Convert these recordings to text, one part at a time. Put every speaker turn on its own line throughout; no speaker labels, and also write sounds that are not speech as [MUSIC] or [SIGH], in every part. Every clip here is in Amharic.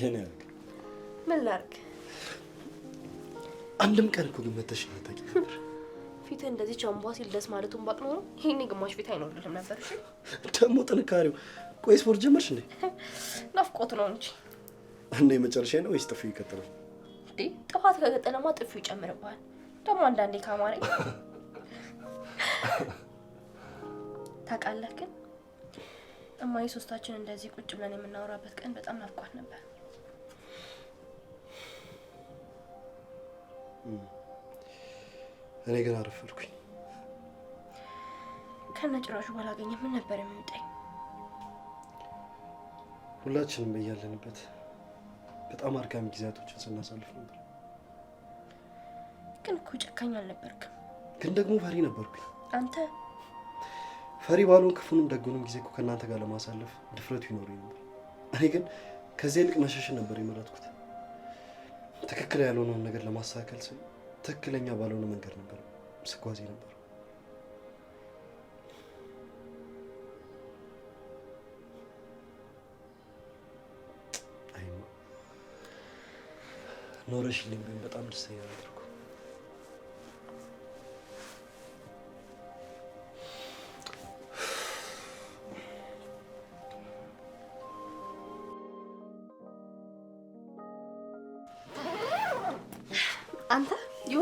የኔ አልክ ምን ላድርግ? አንድም ቀን እኮ ግን መተሽ ታቂ ነበር።
ፊትህ እንደዚህ ቻምቧ ሲል ደስ ማለቱን ባቅ ኖሮ ይሄኔ ግማሽ ፊት አይኖርልህም ነበር።
ደግሞ ጥንካሬው። ቆይ ስፖርት ጀመርሽ እንዴ?
ናፍቆት ነው እንጂ
እንዴ። መጨረሻ ነው ወይስ ጥፊው ይቀጥላል?
እንዴ ጥፋት ከገጠለማ ጥፊው ይጨምርብሃል። ደግሞ አንዳንዴ ካማረኝ ታውቃለህ። ግን እማዬ ሶስታችን እንደዚህ ቁጭ ብለን የምናወራበት ቀን በጣም ናፍቋት ነበር።
እኔ ግን አረፈድኩኝ።
ከነጭራሹ ባላገኘ ምን ነበር የሚውጠኝ?
ሁላችንም እያለንበት በጣም አድካሚ ጊዜያቶችን ስናሳልፍ ነበር።
ግን እኮ ጨካኝ አልነበርክም።
ግን ደግሞ ፈሪ ነበርኩኝ። አንተ ፈሪ ባሉን ክፉንም ደጉንም ጊዜ እኮ ከእናንተ ጋር ለማሳለፍ ድፍረቱ ይኖሩ ነበር። እኔ ግን ከዚህ ይልቅ መሸሽን ነበር የመረጥኩት። ትክክል ያልሆነውን ነገር ለማስተካከል ስል ትክክለኛ ባልሆነ መንገድ ነበር ስጓዜ ነበር። ኖረሽልኝ በጣም ደስተኛ ነበር።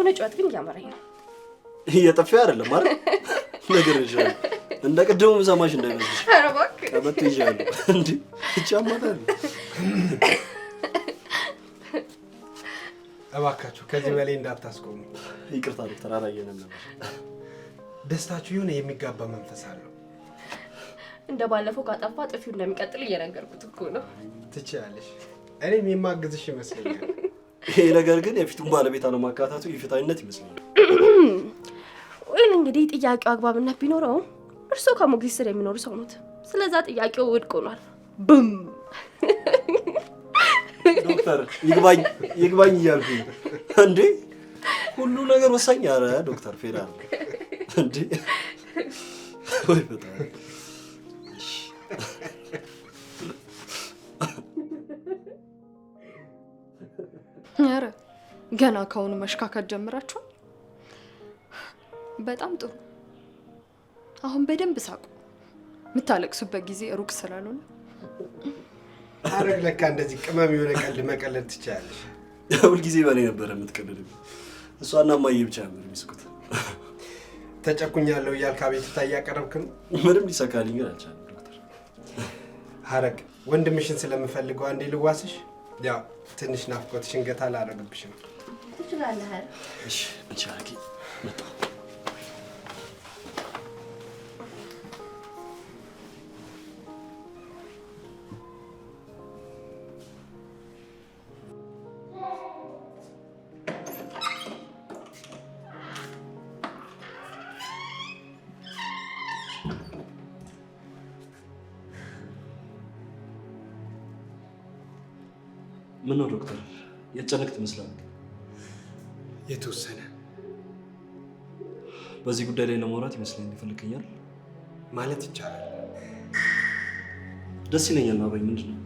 የሆነ ጨዋት ግን እያመረኝ ነው።
እየጠፋ አይደለም ማለት ነገር ይችላል። እንደ ቀደሙ ምሰማሽ እንዳይመስልሽ። ኧረ እባክህ ቀበቶ ይዣለሁ እንዴ ይቻማታል። እባካችሁ ከዚህ በላይ እንዳታስቆሙ። ይቅርታ ዶክተር፣ አላየንም ነበር። ደስታችሁ የሆነ የሚጋባ መንፈስ አለው።
እንደ ባለፈው ካጠፋ ጥፊው እንደሚቀጥል እየነገርኩት እኮ ነው።
ትችያለሽ። እኔም የማግዝሽ ይመስለኛል። ይሄ ነገር ግን የፊቱን ባለቤት አለማካታቱ የፊታዊነት ይመስለኛል። [CLEARS THROAT]
ወይም እንግዲህ ጥያቄው አግባብነት ቢኖረውም እርስዎ ከሞግዚት ስር የሚኖሩ ሰው ነት ስለዛ ጥያቄው ውድቅ ሆኗል። ብም
ዶክተር ይግባኝ ይግባኝ እያልኩ እንዴ ሁሉ ነገር ወሳኝ። ኧረ ዶክተር ፌዳል። እንዴ ወይ
ኧረ ገና ከአሁኑ መሽካከት ጀምራችኋል። በጣም ጥሩ። አሁን በደንብ ሳቁ። የምታለቅሱበት ጊዜ ሩቅ ስላልሆነ
አረግ ለካ እንደዚህ ቅመም የሆነ ቀልድ መቀለድ ትችላለሽ። ጊዜ በላይ ነበረ የምትቀልድ። እሷና ማየ ብቻ ነበር የሚስቁት። ተጨኩኛለሁ እያልክ አቤቱታ እያቀረብክ ነው። ምንም ሊሰካልኝ ግን አልቻለም ዶክተር። አረግ ወንድምሽን ስለምፈልገው አንዴ ልዋስሽ ያው ትንሽ ናፍቆትሽን ገታ ላደርግብሽ ትችላለህ። እሺ መቻ መጣ ነው ዶክተር? የጨነቅ ትመስላል። የተወሰነ በዚህ ጉዳይ ላይ ለማውራት ይመስለኛል ይፈልገኛል ማለት ይቻላል። ደስ ይለኛል። ማበኝ ምንድን ነው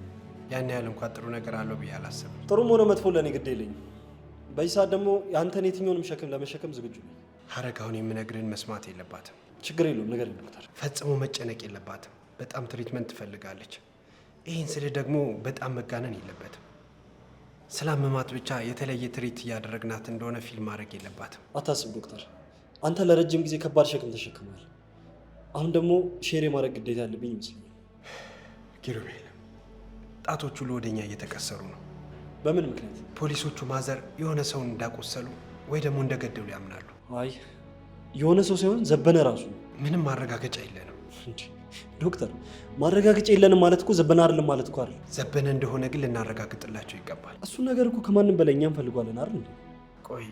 ያን ያህል እንኳን ጥሩ ነገር አለው ብዬ አላሰብም። ጥሩም ሆነ መጥፎ ለእኔ ግድ የለኝ በዚህ ሰዓት ደግሞ የአንተን የትኛውንም ሸክም ለመሸከም ዝግጁ ነው ሀረግ አሁን የምነግርህን መስማት የለባትም። ችግር የለውም ነገር ዶክተር። ፈጽሞ መጨነቅ የለባትም። በጣም ትሪትመንት ትፈልጋለች። ይህን ስልህ ደግሞ በጣም መጋነን የለበትም። ስላመማት ብቻ የተለየ ትርኢት እያደረግናት እንደሆነ ፊልም ማድረግ የለባትም። አታስብ ዶክተር፣ አንተ ለረጅም ጊዜ ከባድ ሸክም ተሸክሟል። አሁን ደግሞ ሼር የማድረግ ግዴታ ያለብኝ ይመስለኛል። ኪሩቤል፣ ጣቶቹ ወደኛ እየተቀሰሩ ነው። በምን ምክንያት? ፖሊሶቹ ማዘር የሆነ ሰውን እንዳቆሰሉ ወይ ደግሞ እንደገደሉ ያምናሉ። አይ የሆነ ሰው ሳይሆን ዘበነ ራሱ። ምንም ማረጋገጫ የለንም። ዶክተር ማረጋገጫ የለንም ማለት እኮ ዘበነ አይደለም ማለት እኮ አይደል። ዘበነ እንደሆነ ግን ልናረጋግጥላቸው ይገባል። እሱን ነገር እኮ ከማንም በላይ እኛ እንፈልጓለን አይደል። ቆይ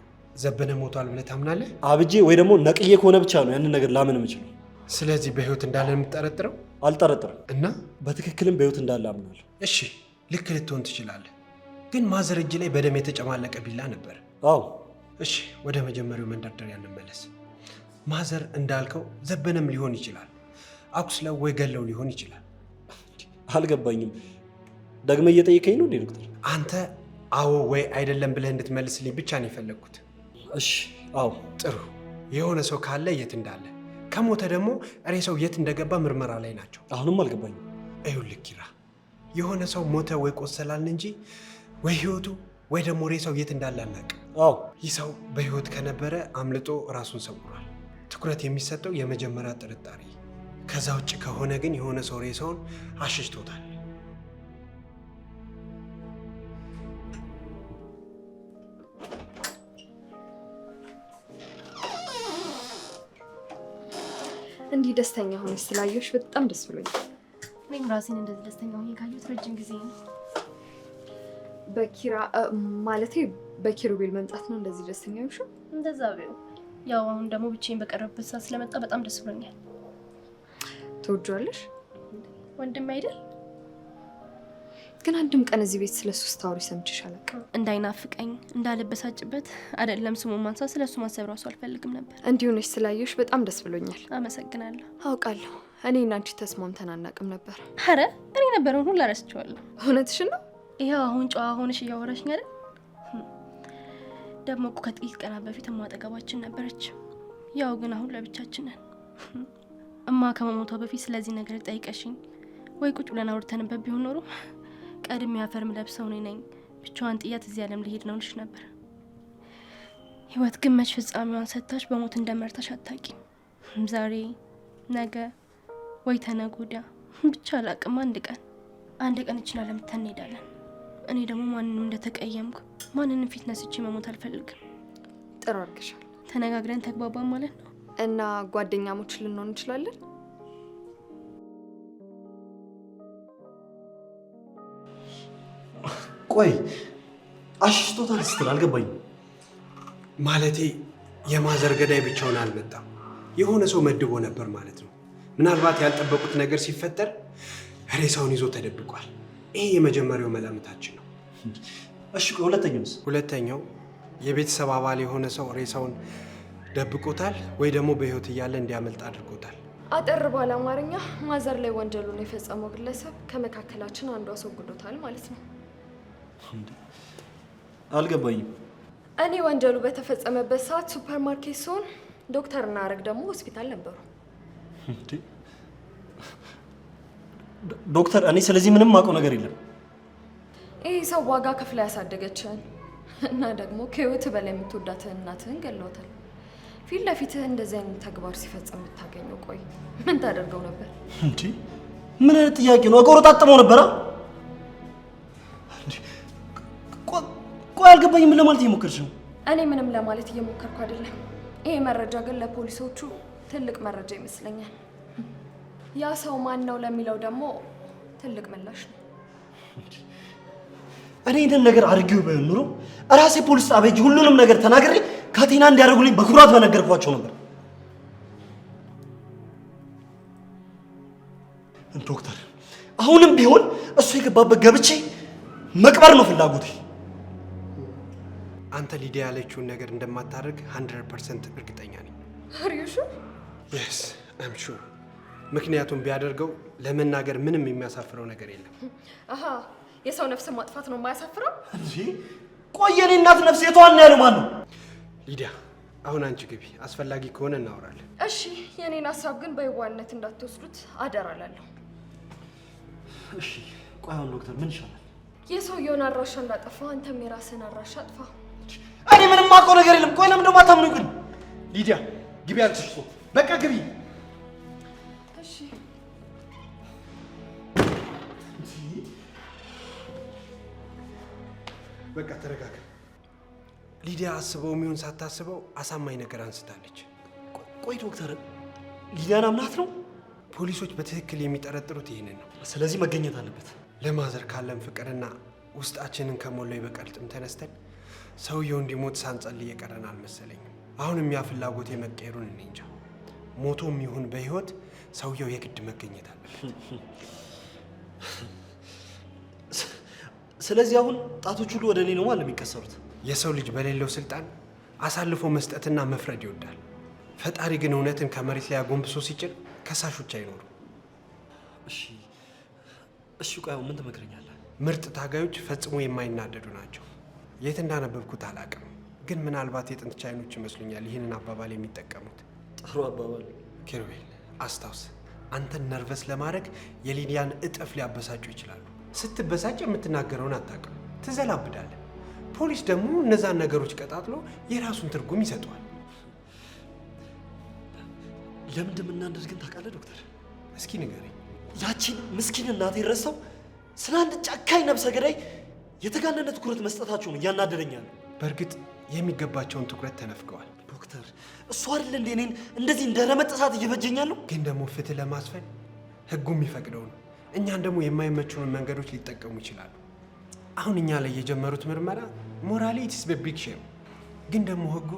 ዘበነ ሞቷል ብለህ ታምናለህ? አብጄ ወይ ደግሞ ነቅዬ ከሆነ ብቻ ነው ያንን ነገር ላምን የምችለው። ስለዚህ በህይወት እንዳለ የምትጠረጥረው? አልጠረጥርም። እና በትክክልም በህይወት እንዳለ አምናለሁ። እሺ ልክ ልትሆን ትችላለህ፣ ግን ማዘር እጅ ላይ በደም የተጨማለቀ ቢላ ነበር። አዎ። እሺ ወደ መጀመሪያው መንደርደሪያ እንመለስ። ማዘር እንዳልከው ዘበነም ሊሆን ይችላል አቁስለው ወይ ገለው ሊሆን ይችላል። አልገባኝም። ደግመ እየጠየቀኝ ነው ዶክተር? አንተ አዎ ወይ አይደለም ብለህ እንድትመልስልኝ ብቻ ነው የፈለግኩት። እሺ፣ አዎ። ጥሩ። የሆነ ሰው ካለ የት እንዳለ ከሞተ ደግሞ ሬሳው የት እንደገባ ምርመራ ላይ ናቸው። አሁንም አልገባኝም። ይኸውልህ ኪራ፣ የሆነ ሰው ሞተ ወይ ቆሰላልን እንጂ ወይ ህይወቱ ወይ ደግሞ ሬሳው የት እንዳለ አናውቅም። አዎ፣ ይህ ሰው በህይወት ከነበረ አምልጦ ራሱን ሰውሯል። ትኩረት የሚሰጠው የመጀመሪያ ጥርጣሬ ከዛ ውጭ ከሆነ ግን የሆነ ሰው ሬሳውን አሸሽቶታል።
እንዲህ ደስተኛ ሆነሽ ስላየሽ በጣም ደስ ብሎኛል። እኔም ራሴን እንደዚህ ደስተኛ ሆኜ ካየሁት ረጅም ጊዜ ነው። በኪራ ማለቴ በኪሩቤል መምጣት ነው እንደዚህ ደስተኛ ሆንሽ? እንደዛ ቢሆን ያው አሁን ደግሞ ብቻዬን በቀረብበት ሰዓት ስለመጣ በጣም ደስ ብሎኛል። ትወጇለሽ? ወንድም አይደል? ግን አንድም ቀን እዚህ ቤት ስለ እሱ ስታወሪ ሰምቼሽ አላውቅም። እንዳይናፍቀኝ እንዳለበሳጭበት፣ አይደለም ስሙን ማንሳት፣ ስለ እሱ ማሰብ ራሱ አልፈልግም ነበር። እንዲሁነሽ ስላየሽ በጣም ደስ ብሎኛል። አመሰግናለሁ። አውቃለሁ እኔ እና አንቺ ተስማምተን አናውቅም ነበር። አረ እኔ ነበረውን ሁሉ ረስቼዋለሁ። እውነትሽን ነው። ይኸው አሁን ጨዋ ሆነሽ እያወራሽኝ አይደል? Hm። ደግሞ እኮ ከጥቂት ቀናት በፊት ማጠገባችን ነበረች። ያው ግን አሁን ለብቻችን ነን። hm። እማ ከመሞቷ በፊት ስለዚህ ነገር ጠይቀሽኝ ወይ ቁጭ ብለን አውርተንበት ቢሆን ኖሮ ቀድሜ አፈርም ለብሰው ነኝ ነኝ፣ ብቻዋን ጥያት እዚህ ዓለም ልሄድ ነው ልሽ ነበር። ህይወት ግን መች ፍጻሜዋን ሰጥታሽ በሞት እንደመርታሽ አታቂም። ዛሬ ነገ፣ ወይ ተነገ ብቻ አላቅም። አንድ ቀን አንድ ቀን እችን ዓለም ትተን እንሄዳለን። እኔ ደግሞ ማንንም እንደተቀየምኩ ማንንም ፊት ነስቼ መሞት አልፈልግም። ጥሩ አድርገሻል። ተነጋግረን ተግባባ ማለት ነው። እና ጓደኛሞች ልንሆን እንችላለን?
ቆይ አሽቶታል ስትል አልገባኝ። ማለቴ የማዘር ገዳይ ብቻውን አልመጣም፣ የሆነ ሰው መድቦ ነበር ማለት ነው። ምናልባት ያልጠበቁት ነገር ሲፈጠር ሬሳውን ይዞ ተደብቋል። ይሄ የመጀመሪያው መላምታችን ነው። እሺ፣ ሁለተኛው ሁለተኛው የቤተሰብ አባል የሆነ ሰው ሬሳውን ደብቆታል ወይ ደግሞ በህይወት እያለ እንዲያመልጥ አድርጎታል።
አጠር ባለ አማርኛ ማዘር ላይ ወንጀሉን የፈጸመው ግለሰብ ከመካከላችን አንዱ አስወግዶታል ማለት ነው። አልገባኝም። እኔ ወንጀሉ በተፈጸመበት ሰዓት ሱፐርማርኬት ሲሆን ዶክተር እና አረግ ደግሞ ሆስፒታል ነበሩ።
ዶክተር እኔ ስለዚህ ምንም አውቀው ነገር የለም።
ይህ ሰው ዋጋ ከፍላ ያሳደገችን እና ደግሞ ከህይወት በላይ የምትወዳትን እናትህን ገለውታል። ፊት ለፊትህ እንደዚህ አይነት ተግባር ሲፈጽም የምታገኘው ቆይ ምን ታደርገው ነበር?
እንዲ ምን አይነት ጥያቄ ነው? እቆሮ ጣጥመው ነበረ። ቆይ አልገባኝ። ምን ለማለት እየሞከርሽ ነው?
እኔ ምንም ለማለት እየሞከርኩ አይደለም። ይሄ መረጃ ግን ለፖሊሶቹ ትልቅ መረጃ ይመስለኛል። ያ ሰው ማን ነው ለሚለው ደግሞ ትልቅ ምላሽ ነው።
እኔ ይህንን ነገር አድርጌው ቢሆን ኑሮ እራሴ ፖሊስ ጣቢያ ሁሉንም ነገር ተናግሬ ከጤና እንዲያደርጉልኝ በኩራት በነገርኳቸው ነበር። ዶክተር፣ አሁንም ቢሆን እሱ የገባበት ገብቼ መቅበር ነው ፍላጎቴ። አንተ ሊዲያ ያለችውን ነገር እንደማታደርግ 100% እርግጠኛ ነኝ። አሪሹ የስ ምክንያቱም ቢያደርገው ለመናገር ምንም የሚያሳፍረው ነገር የለም።
የሰው ነፍስ ማጥፋት ነው የማያሳፍረው
እንጂ ቆየኔ እናት ነፍስ የተዋና ያለው ማን ነው? ሊዲያ አሁን አንቺ ግቢ፣ አስፈላጊ ከሆነ እናወራለን።
እሺ፣ የኔን ሀሳብ ግን በየዋህነት እንዳትወስዱት አደራ እላለሁ።
እሺ፣ ቆይ አሁን ዶክተር ምን ይሻላል?
የሰውየውን አድራሻ እንዳጠፋ አንተም የራስህን አድራሻ አጥፋ።
እኔ ምንም የማውቀው ነገር የለም። ቆይ ለምን ደግሞ አታምኑ? ግን ሊዲያ ግቢ፣ አልኩሽ በቃ ግቢ። በቃ ተረጋጋ። ሊዲያ አስበው የሚሆን ሳታስበው አሳማኝ ነገር አንስታለች። ቆይ ዶክተር ሊዲያን አምናት ነው? ፖሊሶች በትክክል የሚጠረጥሩት ይህንን ነው። ስለዚህ መገኘት አለበት። ለማዘር ካለን ፍቅርና ውስጣችንን ከሞላ የበቀል ጥም ተነስተን ሰውየው እንዲሞት ሳንጸልይ የቀረን አልመሰለኝም። አሁንም ያ ፍላጎት የመቀየሩን እኔ እንጃ። ሞቶም ይሁን በህይወት ሰውየው የግድ መገኘት አለበት። [LAUGHS] ስለዚህ አሁን ጣቶች ሁሉ ወደ እኔ ነው ማለት የሚቀሰሩት የሰው ልጅ በሌለው ስልጣን አሳልፎ መስጠትና መፍረድ ይወዳል። ፈጣሪ ግን እውነትን ከመሬት ላይ አጎንብሶ ሲጭር ከሳሾች አይኖሩም። እሺ እሺ፣ ቆይ ምን ትመክረኛለህ? ምርጥ ታጋዮች ፈጽሞ የማይናደዱ ናቸው። የት እንዳነበብኩት አላውቅም፣ ግን ምናልባት የጥንት ቻይኖች ይመስሉኛል ይህንን አባባል የሚጠቀሙት። ጥሩ አባባል ኪሩቤል። አስታውስ፣ አንተን ነርቨስ ለማድረግ የሊዲያን እጥፍ ሊያበሳጩ ይችላሉ። ስትበሳጭ የምትናገረውን አታውቅም፣ ትዘላብዳለህ። ፖሊስ ደግሞ እነዛን ነገሮች ቀጣጥሎ የራሱን ትርጉም ይሰጠዋል። ለምንድን ምናደድ ግን ታውቃለህ ዶክተር? እስኪ ንገረኝ። ያቺን ምስኪን እናት ረሳው ስለ አንድ ጨካኝ ነብሰ ገዳይ የተጋነነ ትኩረት መስጠታቸው ነው እያናደደኛል። በእርግጥ የሚገባቸውን ትኩረት ተነፍገዋል ዶክተር። እሱ አይደል እንደ እኔን እንደዚህ እንደ ረመጥ እሳት ግን ደግሞ ፍትህ ለማስፈን ህጉ የሚፈቅደው ነው። እኛን ደግሞ የማይመቹንን መንገዶች ሊጠቀሙ ይችላሉ። አሁን እኛ ላይ የጀመሩት ምርመራ ሞራሊ ኢትስ በቢግ ሼም፣ ግን ደግሞ ህጉ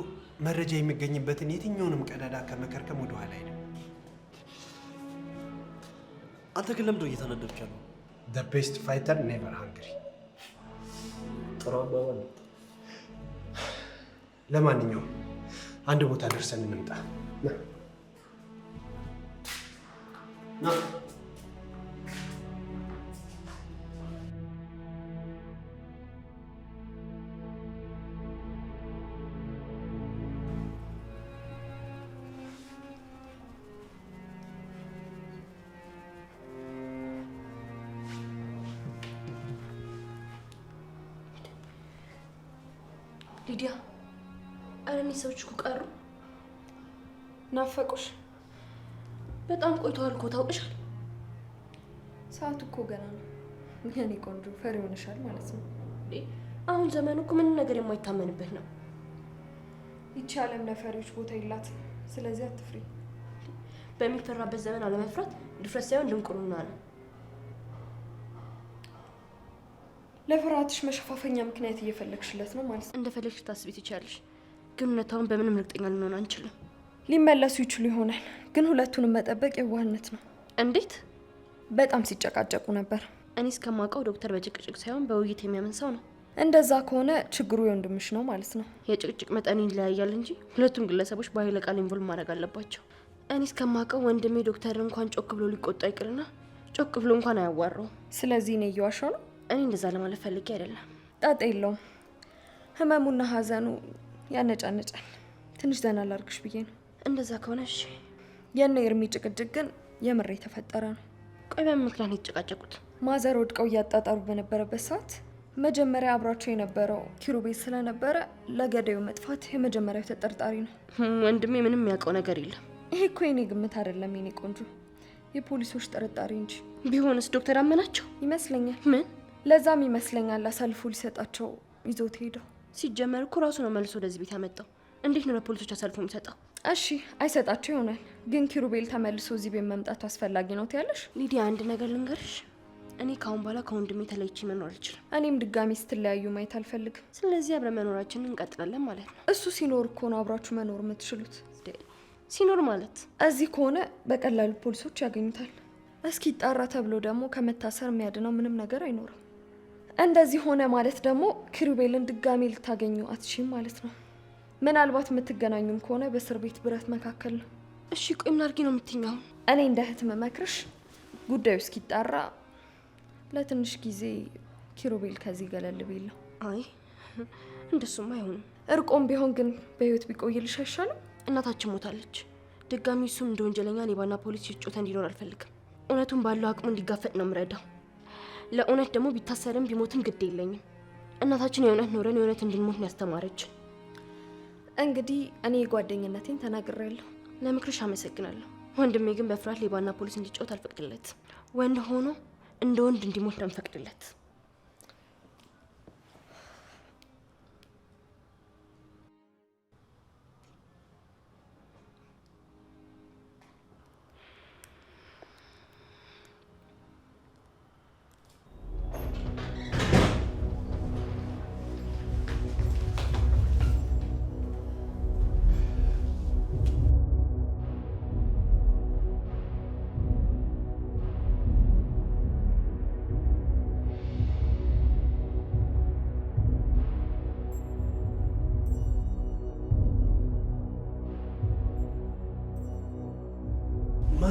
መረጃ የሚገኝበትን የትኛውንም ቀዳዳ ከመከርከም ወደ ኋላ አይልም። አንተ ግን ለምዶ እየተነደብቻ ነው። ዘ ቤስት ፋይተር ኔቨር ሃንግሪ። ጥሩ አባባል። ለማንኛውም አንድ ቦታ ደርሰን እንምጣ። ና
ሊዲያ፣ ኧረ እኒህ ሰዎች እኮ ቀሩ። ናፈቁሽ? በጣም ቆይተዋል እኮ ታውቅሻል። ሰዓቱ እኮ ገና ነው። የእኔ ቆንጆ ፈሪ ሆነሻል ማለት ነው። አሁን ዘመኑ እኮ ምንም ነገር የማይታመንበት ነው። ይቺ ዓለም ለፈሪዎች ቦታ የላትም። ስለዚህ አትፍሪ። በሚፈራበት ዘመን አለመፍራት ድፍረት ሳይሆን ድንቁርና ነው። ለፍርሃትሽ መሸፋፈኛ ምክንያት እየፈለግሽለት ነው ማለት ነው። እንደፈለግሽ ታስቢ ትችያለሽ፣ ግን እውነታውን በምንም እርግጠኛ ልንሆን አንችልም። ሊመለሱ ይችሉ ይሆናል፣ ግን ሁለቱንም መጠበቅ የዋህነት ነው። እንዴት? በጣም ሲጨቃጨቁ ነበር። እኔ እስከማውቀው ዶክተር በጭቅጭቅ ሳይሆን በውይይት የሚያምን ሰው ነው። እንደዛ ከሆነ ችግሩ የወንድምሽ ነው ማለት ነው። የጭቅጭቅ መጠን ይለያያል እንጂ ሁለቱም ግለሰቦች በኃይለ ቃል ኢንቮልቭ ማድረግ አለባቸው። እኔ እስከማውቀው ወንድሜ ዶክተር እንኳን ጮክ ብሎ ሊቆጣ ይቅርና ጮክ ብሎ እንኳን አያዋራውም። ስለዚህ እኔ እየዋሸሁ ነው እኔ እንደዛ ለማለት ፈልጌ አይደለም። ጣጣ የለውም። ህመሙና ሀዘኑ ያነጫነጫል። ትንሽ ዘና ላርግሽ ብዬ ነው። እንደዛ ከሆነ እሺ። የነ ኤርሚ ጭቅጭቅ ግን የምር የተፈጠረ ነው። ቆይ በምን ምክንያት የተጨቃጨቁት? ማዘር ወድቀው እያጣጣሩ በነበረበት ሰዓት መጀመሪያ አብሯቸው የነበረው ኪሩቤት ስለነበረ ለገዳዩ መጥፋት የመጀመሪያው ተጠርጣሪ ነው። ወንድሜ ምንም የሚያውቀው ነገር የለም። ይሄ እኮ የኔ ግምት አይደለም የኔ ቆንጆ፣ የፖሊሶች ጥርጣሬ እንጂ። ቢሆንስ ዶክተር አመናቸው ይመስለኛል። ምን ለዛም ይመስለኛል አሳልፎ ሊሰጣቸው ይዞት ሄደው። ሲጀመር እኮ ራሱ ነው መልሶ ወደዚህ ቤት ያመጣው። እንዴት ነው ለፖሊሶች አሳልፎ የሚሰጠው? እሺ አይሰጣቸው ይሆናል፣ ግን ኪሩቤል ተመልሶ እዚህ ቤት መምጣቱ አስፈላጊ ነው ትያለሽ? ሊዲያ አንድ ነገር ልንገርሽ፣ እኔ ከአሁን በኋላ ከወንድሜ ተለይቼ መኖር አልችልም። እኔም ድጋሚ ስትለያዩ ማየት አልፈልግም። ስለዚህ አብረ መኖራችን እንቀጥላለን ማለት ነው። እሱ ሲኖር እኮ ነው አብራችሁ መኖር የምትችሉት። ሲኖር ማለት እዚህ ከሆነ በቀላሉ ፖሊሶች ያገኙታል። እስኪ ጣራ ተብሎ ደግሞ ከመታሰር የሚያድነው ምንም ነገር አይኖርም። እንደዚህ ሆነ ማለት ደግሞ ኪሩቤልን ድጋሜ ልታገኙ አትችም ማለት ነው። ምናልባት የምትገናኙም ከሆነ በእስር ቤት ብረት መካከል ነው። እሺ ቆይ ምን አድርጊ ነው የምትኛው? እኔ እንደ እህት መመክርሽ ጉዳዩ እስኪጣራ ለትንሽ ጊዜ ኪሩቤል ከዚህ ገለል ቢል ነው። አይ እንደሱም አይሆንም። እርቆም ቢሆን ግን በህይወት ቢቆይልሽ አይሻልም? እናታችን ሞታለች። ድጋሚ እሱም እንደ ወንጀለኛ ሌባና ፖሊስ ይጮተ እንዲኖር አልፈልግም። እውነቱን ባለው አቅሙ እንዲጋፈጥ ነው የምረዳው። ለእውነት ደግሞ ቢታሰርም ቢሞትም ግድ የለኝም። እናታችን የእውነት ኖረን የእውነት እንድንሞት ነው ያስተማረችን። እንግዲህ እኔ የጓደኝነቴን ተናግሬያለሁ። ለምክርሽ አመሰግናለሁ። ወንድሜ ግን በፍርሃት ሌባና ፖሊስ እንዲጫወት አልፈቅድለት። ወንድ ሆኖ እንደ ወንድ እንዲሞት ነው የምፈቅድለት።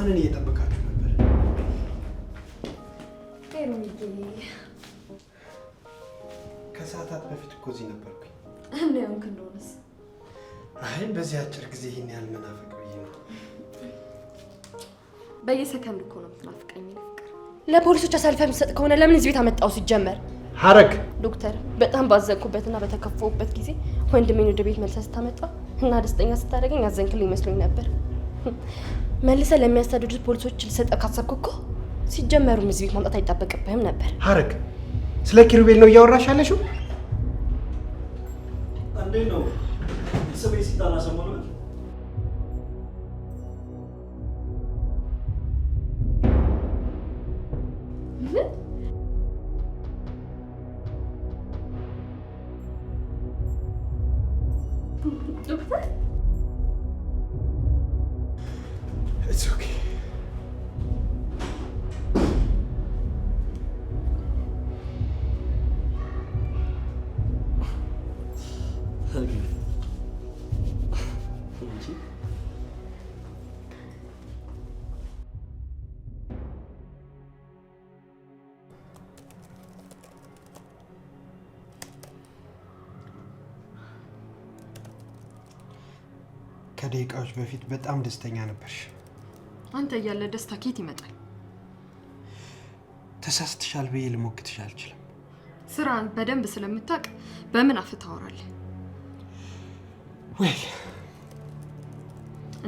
ማንን እየጠበቃችሁ ነበር? ከሰዓታት በፊት እኮ እዚህ ነበርኩኝ።
እንዲያውም እንደሆነስ?
አይ በዚህ አጭር ጊዜ ይህን ያህል መናፈቅ ብዬ ነው።
በየሰከንዱ እኮ ነው የምትናፍቀኝ ፍቅር። ለፖሊሶች አሳልፈህ የምትሰጥ ከሆነ ለምን እዚህ ቤት አመጣው? ሲጀመር ሐረግ ዶክተር፣ በጣም ባዘንኩበትና በተከፈውበት ጊዜ ወንድሜን ወደ ቤት መልሰህ ስታመጣ እና ደስተኛ ስታደርገኝ ያዘንክልኝ መስሎኝ ነበር። መልሰ ለሚያስተዳድሩት ፖሊሶች ልሰጠው ካሰብክ እኮ ሲጀመሩም እዚህ ቤት ማምጣት አይጠበቅብህም ነበር።
ሐረግ ስለ ኪሩቤል ነው እያወራሽ ያለሽው? እንዴት ነው ስሜ ሲጠራ ሰሞኑን ደቂቃዎች በፊት በጣም ደስተኛ ነበርሽ።
አንተ እያለ ደስታ ኬት ይመጣል?
ተሳስትሻል ብዬ ልሞግትሽ አልችልም።
ስራን በደንብ ስለምታውቅ በምን አፍ ታወራለህ? ወይ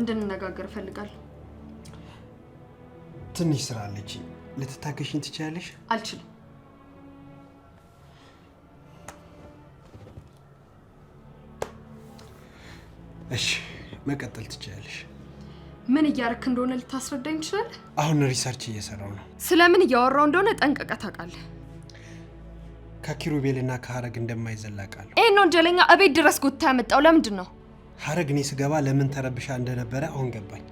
እንድንነጋገር እፈልጋለሁ።
ትንሽ ስራ አለች። ልትታገሽኝ ትችላለሽ? አልችልም። እሺ መቀጠል ትችላለሽ።
ምን እያረክ እንደሆነ ልታስረዳኝ ይችላል?
አሁን ሪሰርች እየሰራው ነው።
ስለምን እያወራው እንደሆነ ጠንቀቀ ታውቃለህ።
ከኪሩቤልና ከሀረግ እንደማይዘላቃለሁ።
ይህን ወንጀለኛ እቤት ድረስ ጎታ ያመጣው ለምንድን ነው?
ሀረግ እኔ ስገባ ለምን ተረብሻ እንደነበረ አሁን ገባኝ።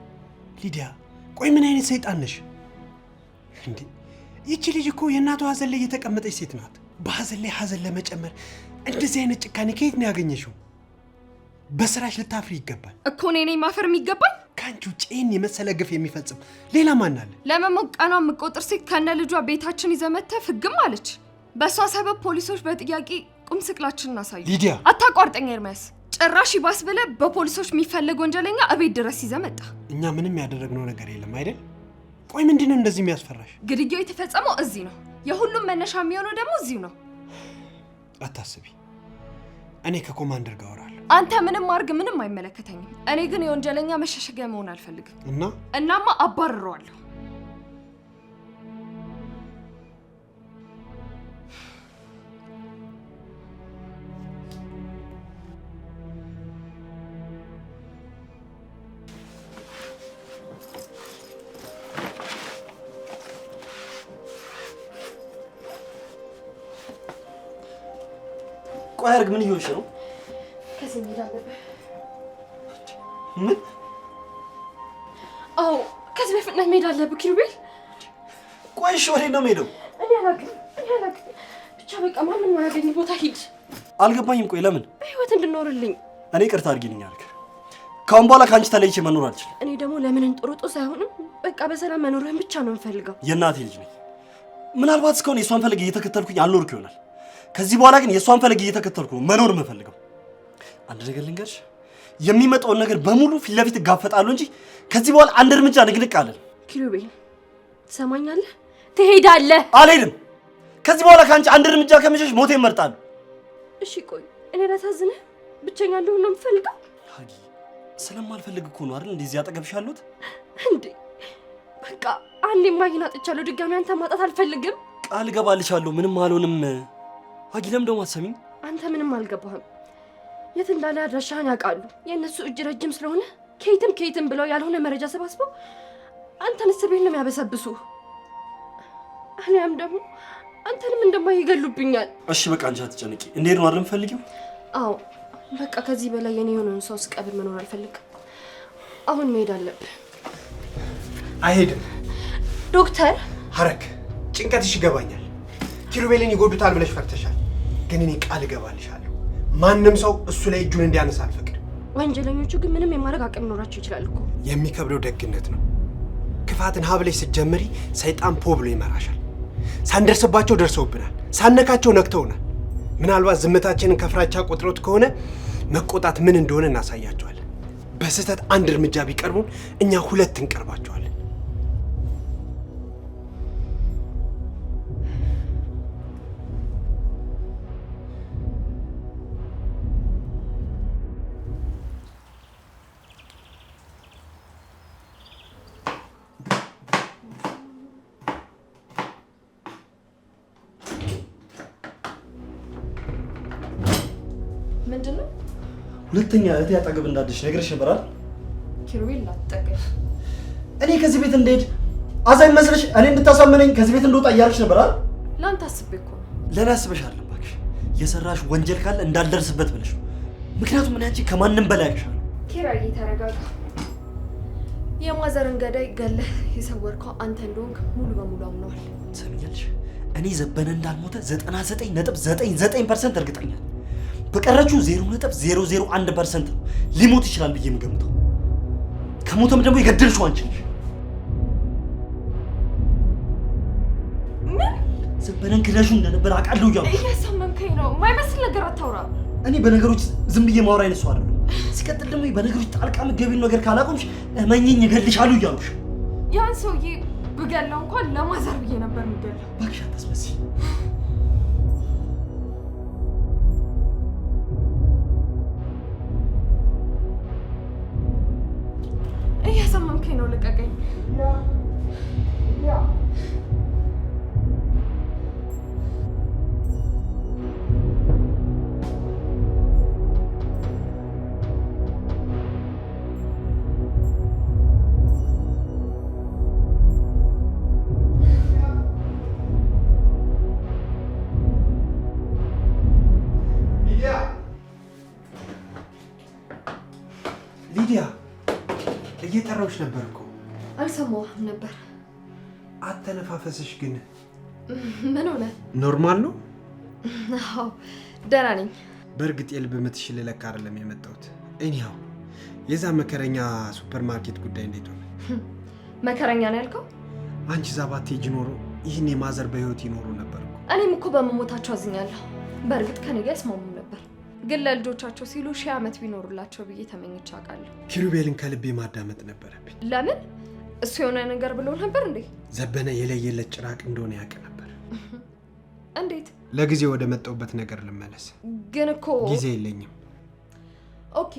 ሊዲያ፣ ቆይ ምን አይነት ሰይጣን ነሽ እንዴ? ይቺ ልጅ እኮ የእናቷ ሀዘን ላይ የተቀመጠች ሴት ናት። በሀዘን ላይ ሀዘን ለመጨመር እንደዚህ አይነት ጭካኔ ከየት ነው ያገኘሽው? በስራሽ ልታፍሪ ይገባል
እኮ። እኔ ነኝ ማፈር የሚገባኝ?
ከአንቺ ውጭ ይህን የመሰለ ግፍ የሚፈጽም ሌላ ማን አለ?
ለመሞቅ የምቆጥር ሴት ከነ ልጇ ቤታችን ይዘመተ ፍግም አለች። በእሷ ሰበብ ፖሊሶች በጥያቄ ቁም ስቅላችንን አሳዩ። ሊዲያ አታቋርጠኝ ኤርሚያስ። ጭራሽ ይባስ ብለ በፖሊሶች የሚፈለግ ወንጀለኛ እቤት ድረስ ይዘመጣ
እኛ ምንም ያደረግነው ነገር የለም አይደል? ቆይ ምንድን ነው እንደዚህ የሚያስፈራሽ?
ግድያው የተፈጸመው እዚህ ነው። የሁሉም መነሻ የሚሆነው ደግሞ እዚሁ ነው።
አታስቢ እኔ ከኮማንደር ጋር አወራለሁ።
አንተ ምንም አርግ፣ ምንም አይመለከተኝም። እኔ ግን የወንጀለኛ መሸሸጊያ መሆን አልፈልግም እና እናማ አባርረዋለሁ
ቆይ አድርግ። ምን እየሆንሽ ነው?
ከዚህ መሄድ አለብህ። ምን? አዎ ከዚህ በፍጥነት መሄድ አለብህ ኪሩቤል።
ቆይ እሺ፣ ወዴት ነው የምሄደው?
እኔ አላውቅም፣ እኔ አላውቅም። ብቻ በቃ ማንም አያገኝ ቦታ ሂድ።
አልገባኝም። ቆይ ለምን?
በህይወት እንድኖርልኝ።
እኔ ቅርታ አድርጊልኝ አልክ። ከአሁን በኋላ ከአንቺ ተለይቼ መኖር አልችልም።
እኔ ደግሞ ለምንን ጥሩጡ ሳይሆንም በቃ በሰላም መኖርህን ብቻ ነው የምፈልገው።
የእናቴ ልጅ ነኝ። ምናልባት እስካሁን የእሷን ፈለግ እየተከተልኩኝ አልኖርኩ ይሆናል ከዚህ በኋላ ግን የእሷን ፈለግ እየተከተልኩ ነው መኖር የምፈልገው። አንድ ነገር ልንገርሽ፣ የሚመጣውን ነገር በሙሉ ፊት ለፊት እጋፈጣለሁ እንጂ ከዚህ በኋላ አንድ እርምጃ ንቅንቅ አለን።
ኪሩቤል ትሰማኛለህ? ትሄዳለህ?
አልሄድም። ከዚህ በኋላ ከአንቺ አንድ እርምጃ ከመሸሽ ሞቴ እመርጣለሁ።
እሺ ቆይ እኔ ላሳዝንህ፣ ብቸኛ እንደሆነ ነው የምፈልገው።
ሀጊ ስለማልፈልግ እኮ ነው አይደል እንደዚህ አጠገብሽ ያሉት
እንዴ? በቃ አንዴ ማግኘት አጥቻለሁ፣ ድጋሚ አንተ ማጣት አልፈልግም።
ቃል እገባልሻለሁ፣ ምንም አልሆንም። አጊ ለምን ደግሞ አትሰሚኝ?
አንተ ምንም አልገባህም። የት እንዳለ አድራሻህን ያውቃሉ። የእነሱ እጅ ረጅም ስለሆነ ከየትም ከየትም ብለው ያልሆነ መረጃ ሰባስበው አንተን እስር ቤት ነው የሚያበሰብሱ። አሊያም ደግሞ አንተንም እንደማ ይገሉብኛል።
እሺ በቃ አንቺ አትጨንቂ። እንዴት ነው አይደል ፈልጊው?
አዎ በቃ ከዚህ በላይ የኔ የሆነውን ሰው ስቀብር መኖር አልፈልግም። አሁን መሄድ አለብን። አይሄድም ዶክተር
ሐረግ ጭንቀትሽ ይገባኛል። ኪሩቤልን ይጎዱታል ብለሽ ፈርተሻል። ግን እኔ ቃል እገባልሻለሁ ማንም ሰው እሱ ላይ እጁን እንዲያነሳ አልፈቅድም።
ወንጀለኞቹ ግን ምንም የማድረግ አቅም ኖራቸው ይችላል እኮ።
የሚከብደው ደግነት ነው። ክፋትን ሀብለሽ ስትጀምሪ ሰይጣን ፖ ብሎ ይመራሻል። ሳንደርስባቸው ደርሰውብናል፣ ሳነካቸው ነክተውናል። ምናልባት ዝምታችንን ከፍራቻ ቆጥሮት ከሆነ መቆጣት ምን እንደሆነ እናሳያቸዋለን። በስህተት አንድ እርምጃ ቢቀርቡን እኛ ሁለት እንቀርባቸዋለን። ምንድን ነው? ሁለተኛ እህቴ አጠገብ
ኪሩቤል ላትጠገብ
እኔ ከዚህ ቤት እንድሄድ አዛ መስለሽ እኔ እንድታሳምነኝ ከዚህ ቤት እንደወጣ እያልሽ ነበር
ለአንተ አስቤ እኮ ነው።
ለእኔ አስበሽ እባክሽ። የሰራሽ ወንጀል ካለ እንዳልደርስበት ብለሽ ምክንያቱም እኔ አንቺ ከማንም በላይ ያቅሻል።
ኪራዬ ተረጋጋ። የማዘርን ገዳይ ገለህ የሰወርከው አንተ እንደሆንክ ሙሉ በሙሉ አምነዋል።
እኔ ዘበነ እንዳልሞተ ዘጠና ዘጠኝ ነጥብ ዘጠኝ ዘጠኝ ፐርሰንት እርግጠኛል በቀረችው 0.001 ፐርሰንት ነው ሊሞት ይችላል ብዬ የምገምተው። ከሞተም ደግሞ የገደልሽው አንቺ ነሽ። ዘበነን በለን ክለሹ አውቃለሁ። እያሉ
እያሳመምከኝ ነው። የማይመስል ነገር አታውራ።
እኔ በነገሮች ዝም ብዬ ማውራ አይነሱ አለ። ሲቀጥል ደግሞ በነገሮች ጣልቃ ምገቢን ነገር ካላቆምሽ እመኝኝ እገልሻለሁ እያሉሽ
ያን ሰውዬ ብገለው እንኳን ለማዘር ብዬ ነበር ምገለው።
እባክሽ አታስመስይ ሊዲያ እየጠራሁሽ ነበር እኮ።
አልሰማሁም ነበር።
አተነፋፈስሽ ግን ምን ሆነ? ኖርማል ነው?
አዎ ደህና ነኝ።
በእርግጥ የልብ ምትሽ ልለካ አይደለም የመጣሁት። እኒያው የዛ መከረኛ ሱፐርማርኬት ጉዳይ እንዴት ሆነ?
መከረኛ ነው ያልከው?
አንቺ እዛ ባትሄጂ ኖሮ ይህን የማዘር በህይወት ይኖሩ ነበር።
እኔም እኮ በመሞታቸው አዝኛለሁ። በእርግጥ ከነገ አይስማሙም ግን ለልጆቻቸው ሲሉ ሺህ ዓመት ቢኖሩላቸው ብዬ ተመኝቻ አውቃለሁ።
ኪሩቤልን ከልቤ ማዳመጥ ነበረብኝ።
ለምን? እሱ የሆነ ነገር ብሎ ነበር እንዴ?
ዘበነ የለየለት ጭራቅ እንደሆነ ያውቅ ነበር። [LAUGHS] እንዴት? ለጊዜ ወደ መጣሁበት ነገር ልመለስ። ግን እኮ ጊዜ የለኝም።
ኦኬ፣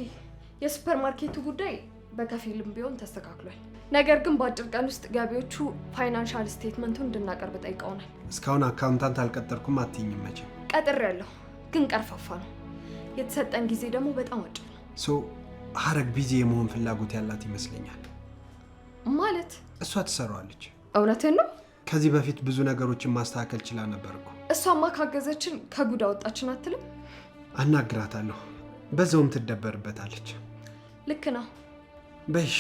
የሱፐር ማርኬቱ ጉዳይ በከፊልም ቢሆን ተስተካክሏል። ነገር ግን በአጭር ቀን ውስጥ ገቢዎቹ ፋይናንሻል ስቴትመንቱ እንድናቀርብ ጠይቀውናል።
እስካሁን አካውንታንት አልቀጠርኩም አትይኝም መቼም?
ቀጥሬያለሁ፣ ግን ቀርፋፋ ነው የተሰጠን ጊዜ ደግሞ በጣም ወጭ ነው።
ሰው ሀረግ ቢዚ የመሆን ፍላጎት ያላት ይመስለኛል። ማለት እሷ ትሰራዋለች። እውነትን ነው። ከዚህ በፊት ብዙ ነገሮችን ማስተካከል ችላ ነበር እኮ።
እሷማ ካገዘችን ከጉዳ ወጣችን አትልም።
አናግራታለሁ፣ በዛውም ትደበርበታለች። ልክ ነው። በሽ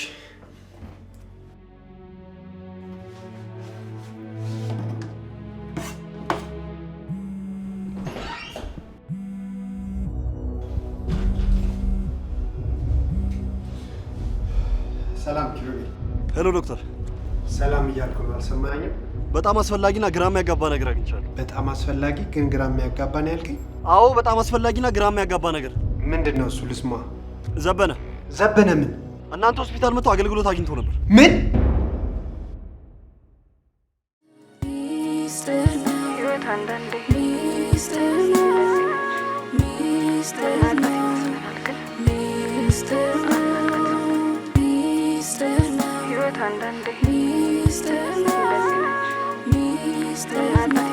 ሰላም ኪሩቤል። ሄሎ ዶክተር። ሰላም እያልኩ ነው፣ አልሰማኸኝም? በጣም አስፈላጊና ግራ የሚያጋባ ነገር አግኝቻለሁ። በጣም አስፈላጊ ግን ግራ የሚያጋባ ነው ያልከኝ? አዎ፣ በጣም አስፈላጊና ግራ የሚያጋባ ነገር። ምንድን ነው እሱ? ልስማ። ዘበነ ዘበነ ምን? እናንተ ሆስፒታል መጥቶ አገልግሎት አግኝቶ ነበር። ምን ሚስጥር കണ്ടേ